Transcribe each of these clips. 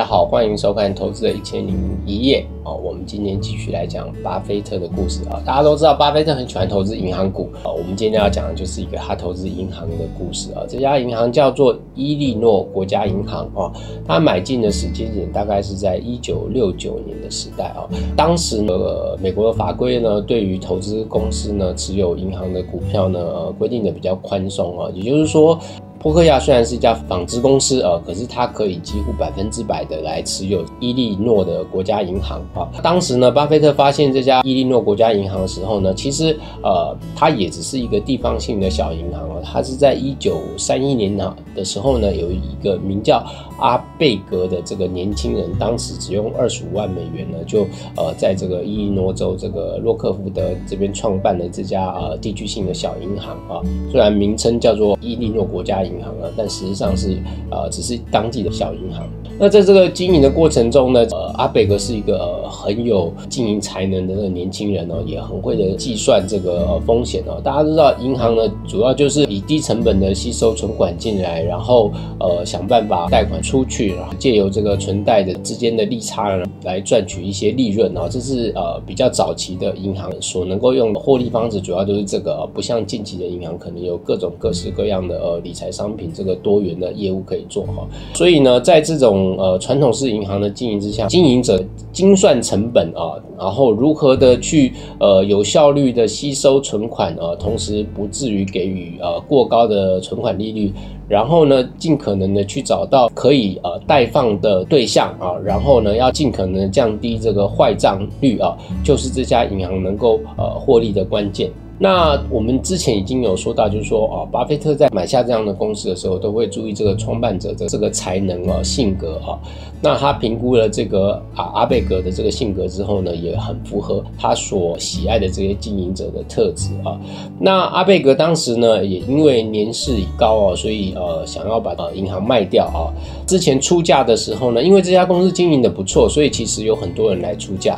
大家好，歡迎收看《投資的一千零一夜》、哦，我們今天繼續來講巴菲特的故事啊、哦。大家都知道，巴菲特很喜歡投資銀行股啊、哦。我們今天要講的就是一個他投資銀行的故事啊、哦。這家銀行叫做伊利諾國家銀行啊、哦。他買進的時間點大概是在一九六九年的時代啊、哦。當時、呃、美國的法規呢，對於投資公司呢持有銀行的股票呢，呃、規定的比較寬鬆啊、哦。也就是說，波克夏雖然是一家紡織公司呃，可是它可以幾乎百分之百的來持有伊利諾的國家銀行啊、哦。當時呢，巴菲特發現這家伊利諾國家銀行的時候呢，其實呃，它也只是一個地方性的小銀行啊、哦。它是在一九三一年呢的時候呢，有一個名叫阿貝格的這個年輕人，當時只用二十五萬美元呢，就呃，在這個伊利諾州這個洛克福德這邊創辦了這家呃地區性的小銀行啊、哦。雖然名稱叫做伊利諾國家銀行。銀行啊，但實際上是，啊、呃，只是當地的小銀行。那在這個經營的過程中呢，呃，阿貝格是一個，呃很有經營才能的這個年輕人呢，也很會的計算這個風險哦。大家都知道，銀行呢，主要就是以低成本的吸收存款進來，然後呃想辦法貸款出去，借由這個存貸的之間的利差來賺取一些利潤哦。這是呃比較早期的銀行所能夠用的獲利方式，主要就是這個。不像近期的銀行，可能有各種各式各樣的呃理財商品，這個多元的業務可以做哈。所以呢，在這種呃傳統式銀行的經營之下，經營者精算。成本啊，然後如何的去呃有效率的吸收存款啊，同時不至於給予呃過高的存款利率，然後呢尽可能的去找到可以呃貸放的對象啊，然後呢要盡可能降低這個壞賬率啊，就是這家銀行能夠呃獲利的關鍵。那我們之前已經有說到，就是說啊，巴菲特在買下這樣的公司的時候，都會注意這個創辦者的這個才能哦，性格啊。那他評估了這個啊阿貝格的這個性格之後呢，也很符合他所喜愛的這些經營者的特質啊。那阿貝格當時呢，也因為年事已高哦，所以呃想要把啊銀行賣掉啊。之前出價的時候呢，因為這家公司經營的不錯，所以其實有很多人來出價。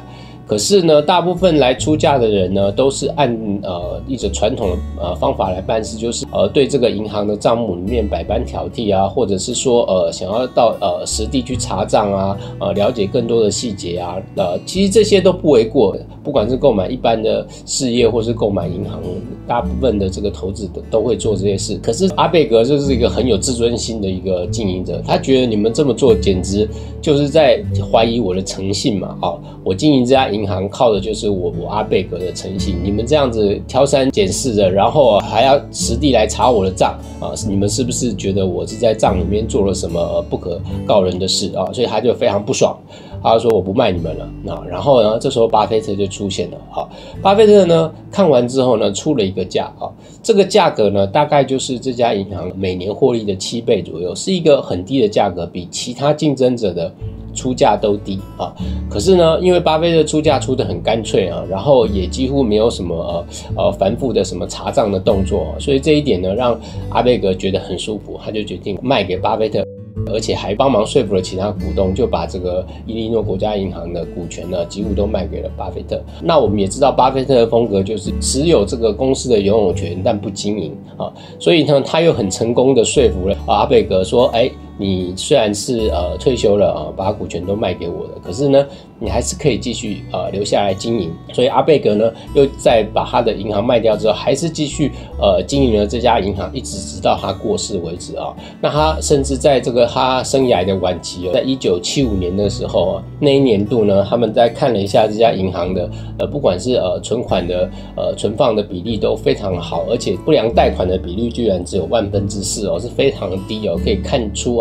可是呢，大部分來出價的人呢，都是按呃一種傳統的呃方法來辦事，就是呃對這個銀行的賬目裡面百般挑剔啊，或者是說呃想要到呃實地去查賬啊，呃了解更多的細節啊，呃其實這些都不為過。不管是購買一般的事業，或是購買銀行，大部分的這個投資都會做這些事。可是阿貝格就是一個很有自尊心的一個經營者，他覺得你們這麼做簡直就是在懷疑我的誠信嘛！哦，我經營這家銀行靠的就是我我阿貝格的誠信，你們這樣子挑三揀四的，然後還要實地來查我的賬啊？你們是不是覺得我是在賬裡面做了什麼不可告人的事啊？所以他就非常不爽。他說：“我不賣你們了。”那然後呢？這時候巴菲特就出現了。好，巴菲特呢看完之後呢出了一個價啊，這個價格呢大概就是這家銀行每年獲利的七倍左右，是一個很低的價格，比其他競爭者的出價都低啊。可是呢，因為巴菲特出價出得很乾脆啊，然後也幾乎沒有什麼呃繁複的什麼查賬的動作，所以這一點呢讓阿貝格覺得很舒服，他就決定賣給巴菲特。而且還幫忙說服了其他股東，就把這個伊利諾國家銀行的股權呢，幾乎都賣給了巴菲特。那我們也知道，巴菲特的風格就是只有這個公司的擁有權，但不經營啊、哦。所以呢，他又很成功的說服了阿貝格，說，哎。你雖然是呃退休了啊，把股權都賣給我了，可是呢，你還是可以繼續呃留下來經營。所以阿貝格呢，又在把他的銀行賣掉之後，還是繼續呃經營了這家銀行，一直直到他過世為止啊。那他甚至在這個他生涯的晚期，在一九七五年的時候，那一年度呢，他們在看了一下這家銀行的呃，不管是呃存款的呃存放的比例都非常好，而且不良貸款的比率居然只有萬分之四哦，是非常低哦，可以看出，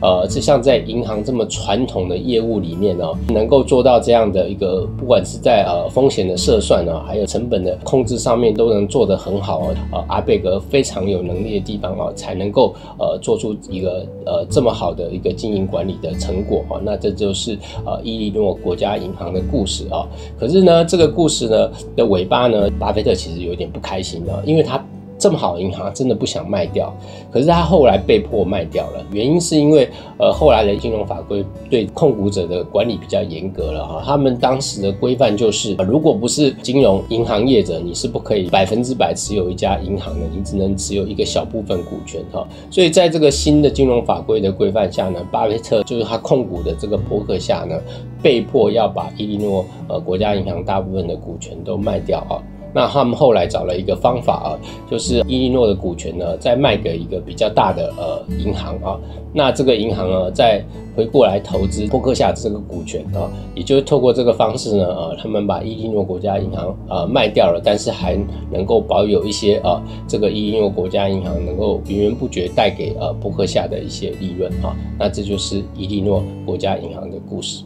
呃，像在銀行這麼傳統的業務裡面呢、哦，能夠做到這樣的一個，不管是在呃風險的測算呢、啊，還有成本的控制上面，都能做得很好、哦、呃，阿貝格非常有能力的地方啊、哦，才能夠呃做出一個呃這麼好的一個經營管理的成果啊、哦。那這就是呃伊利諾國家銀行的故事啊、哦。可是呢，這個故事呢的尾巴呢，巴菲特其實有點不開心啊、哦，因為他。這麼好的銀行真的不想賣掉，可是他後來被迫賣掉了。原因是因為，呃，後來的金融法規對控股者的管理比較嚴格了哈、哦。他們當時的規範就是、呃，如果不是金融銀行業者，你是不可以百分之百持有一家銀行的，你只能持有一個小部分股權哈、哦。所以在這個新的金融法規的規範下呢，巴菲特就是他控股的這個波克夏呢，被迫要把伊利諾呃國家銀行大部分的股權都賣掉啊。哦那他們後來找了一個方法啊，就是伊利諾的股權呢，再賣給一個比較大的呃銀行啊。那這個銀行呢、啊，再回過來投資波克夏這個股權啊，也就是透過這個方式呢，啊，他們把伊利諾國家銀行啊賣掉了，但是還能夠保有一些呃、啊，這個伊利諾國家銀行能夠源源不絕帶給呃波克夏的一些利潤啊。那這就是伊利諾國家銀行的故事。